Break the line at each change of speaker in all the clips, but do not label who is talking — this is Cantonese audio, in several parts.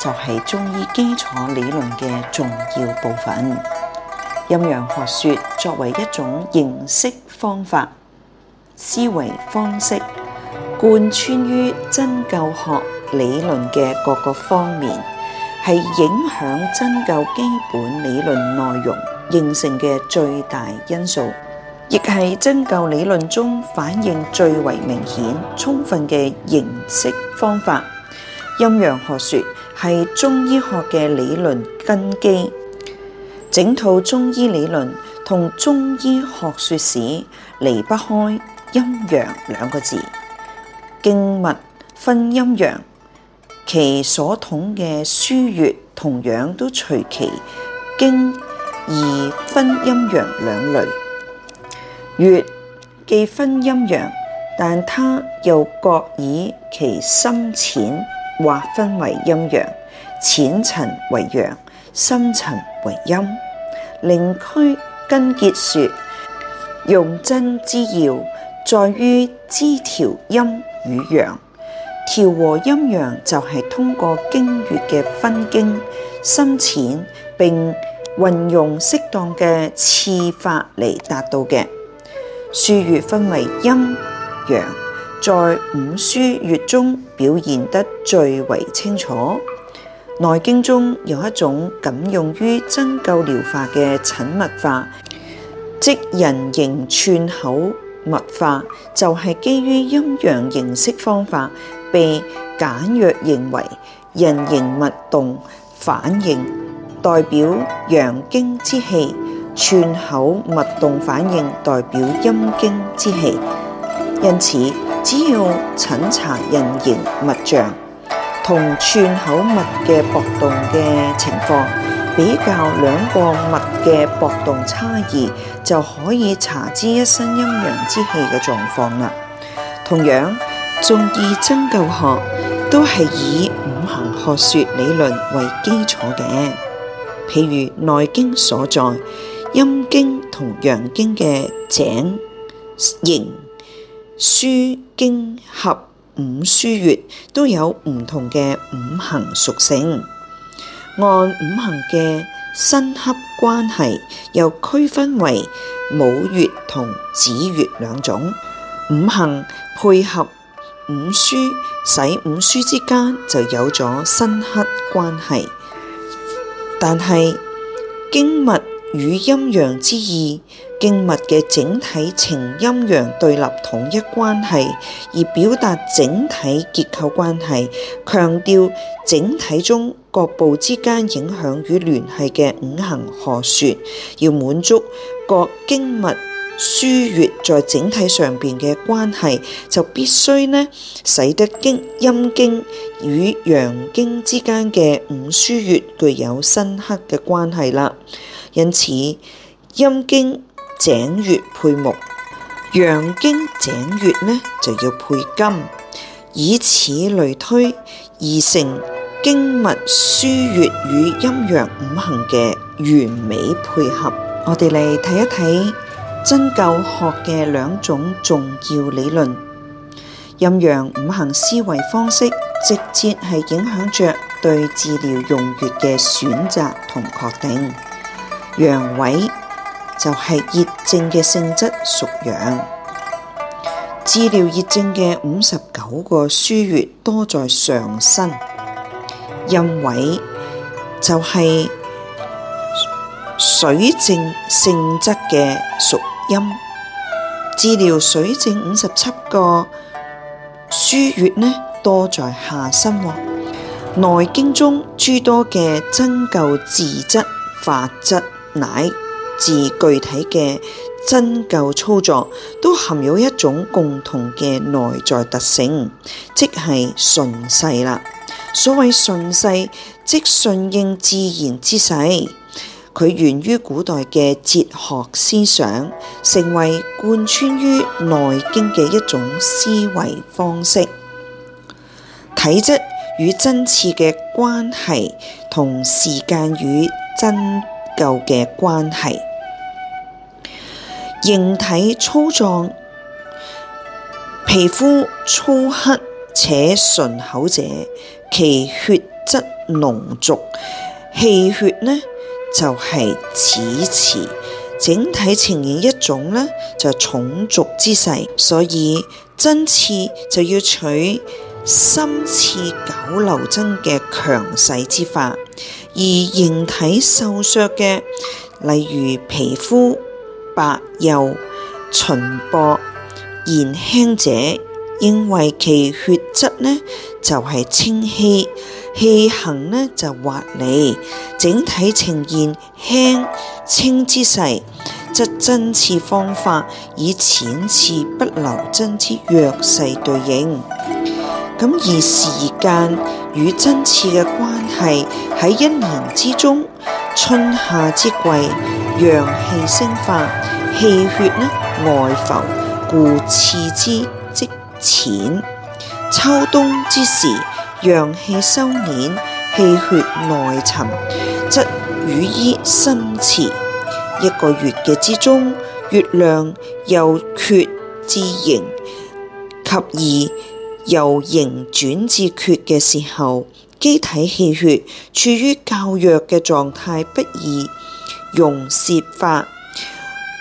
就係中醫基礎理論嘅重要部分。陰陽學說作為一種形式方法、思維方式，貫穿於針灸學理論嘅各個方面，係影響針灸基本理論內容形成嘅最大因素，亦係針灸理論中反映最為明顯、充分嘅形式方法。陰陽學說，係中醫學嘅理論根基，整套中醫理論同中醫學說史離不開陰陽兩個字。經脈分陰陽，其所統嘅腧穴同樣都隨其經而分陰陽兩類。穴既分陰陽，但佢又各以其深淺。劃分為陰陽，淺層為陽，深層為陰。靈樞根結說，用針之要在於知調陰與陽，調和陰陽就係通過經穴嘅分經深淺，並運用適當嘅刺法嚟達到嘅。腧穴分為陰陽。在五書月中表現得最為清楚。內經中有一種僅用於針灸療法嘅診脈法，即人形寸口脈法，就係基於陰陽認識方法被簡約認為人形脈動反應，代表陽經之氣；寸口脈動反應代表陰經之氣。因此，只要診查人形物象同寸口脈嘅搏動嘅情況，比較兩個脈嘅搏動差異，就可以查知一身陰陽之氣嘅狀況啦。同樣，中醫針灸學都係以五行學說理論為基礎嘅，譬如《內經》所在陰經同陽經嘅井形。腧經合五腧穴都有唔同嘅五行屬性，按五行嘅生剋關係，又區分為母穴同子穴兩種。五行配合五腧，使五腧之間就有咗生剋關係。但係經脈，與陰陽之意，經脈嘅整體呈陰陽對立統一關係，而表達整體結構關係，強調整體中各部之間影響與聯繫嘅五行何説，要滿足各經脈腧穴在整體上面嘅關係，就必須呢，使得經陰經與陽經之間嘅五腧穴具有深刻嘅關係啦。因此，陰經井穴配木，陽經井穴呢就要配金。以此類推，而成經脈腧穴與陰陽五行嘅完美配合。我哋嚟睇一睇針灸學嘅兩種重要理論，陰陽五行思維方式，直接係影響着對治療用穴嘅選擇同確定。陽痿就係熱症嘅性質屬陽，治療熱症嘅五十九個腧穴多在上身；陰痿就係水症性質嘅屬陰，治療水症五十七個腧穴呢多在下身。內經中諸多嘅針灸治則法則。乃至具體嘅針灸操作，都含有一種共同嘅內在特性，即係順勢啦。所謂順勢，即順應自然之勢。佢源於古代嘅哲學思想，成為貫穿於《內經》嘅一種思維方式。體質與針刺嘅關係，同時間與針舊嘅關係，形體粗壯，皮膚粗黑且順口者，其血質濃濁，氣血呢就係紫遲，整體呈現一種呢就係重濁之勢，所以針刺就要取。深刺久留針嘅強勢之法，而形體瘦削嘅，例如皮膚白幼、唇薄、言輕者，因為其血質呢就係、是、清稀，氣行呢就滑利，整體呈現輕清之勢，則針刺方法以淺刺不留針之弱勢對應。咁而時間與針刺嘅關係，喺一年之中，春夏之季，陽氣升發，氣血呢外浮，故刺之即淺；秋冬之時，陽氣收斂，氣血內沉，則予以深刺。一個月嘅之中，月亮由缺至盈，及二。由盈轉至缺嘅時候，機體氣血處於較弱嘅狀態，不宜用泄法；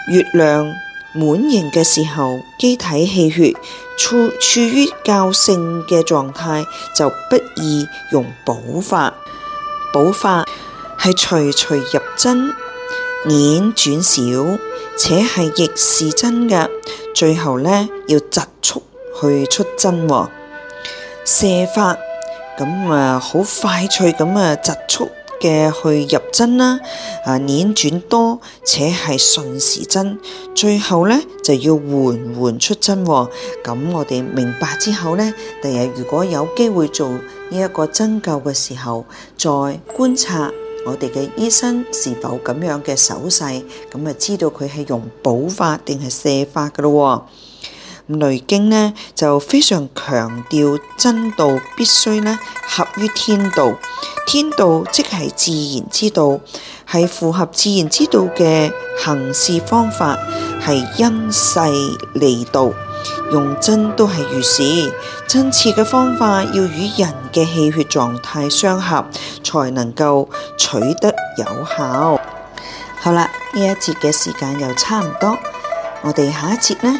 月亮滿盈嘅時候，機體氣血處處於較盛嘅狀態，就不宜用補法。補法係徐徐入針，捻轉少，且係逆時針嘅，最後呢，要疾速，去出針喎，瀉法咁啊，好快脆咁啊，疾速嘅去入針啦，啊，捻轉多且係順時針，最後咧就要緩緩出針喎。咁我哋明白之後咧，第日如果有機會做呢一個針灸嘅時候，再觀察我哋嘅醫生是否咁樣嘅手勢，咁啊知道佢係用補法定係瀉法噶咯。雷經呢，就非常強調針道必須咧合於天道，天道即係自然之道，係符合自然之道嘅行事方法，係因勢利導。用針都係如是，針刺嘅方法要與人嘅氣血狀態相合，才能夠取得有效。好啦，呢一節嘅時間又差唔多，我哋下一節呢。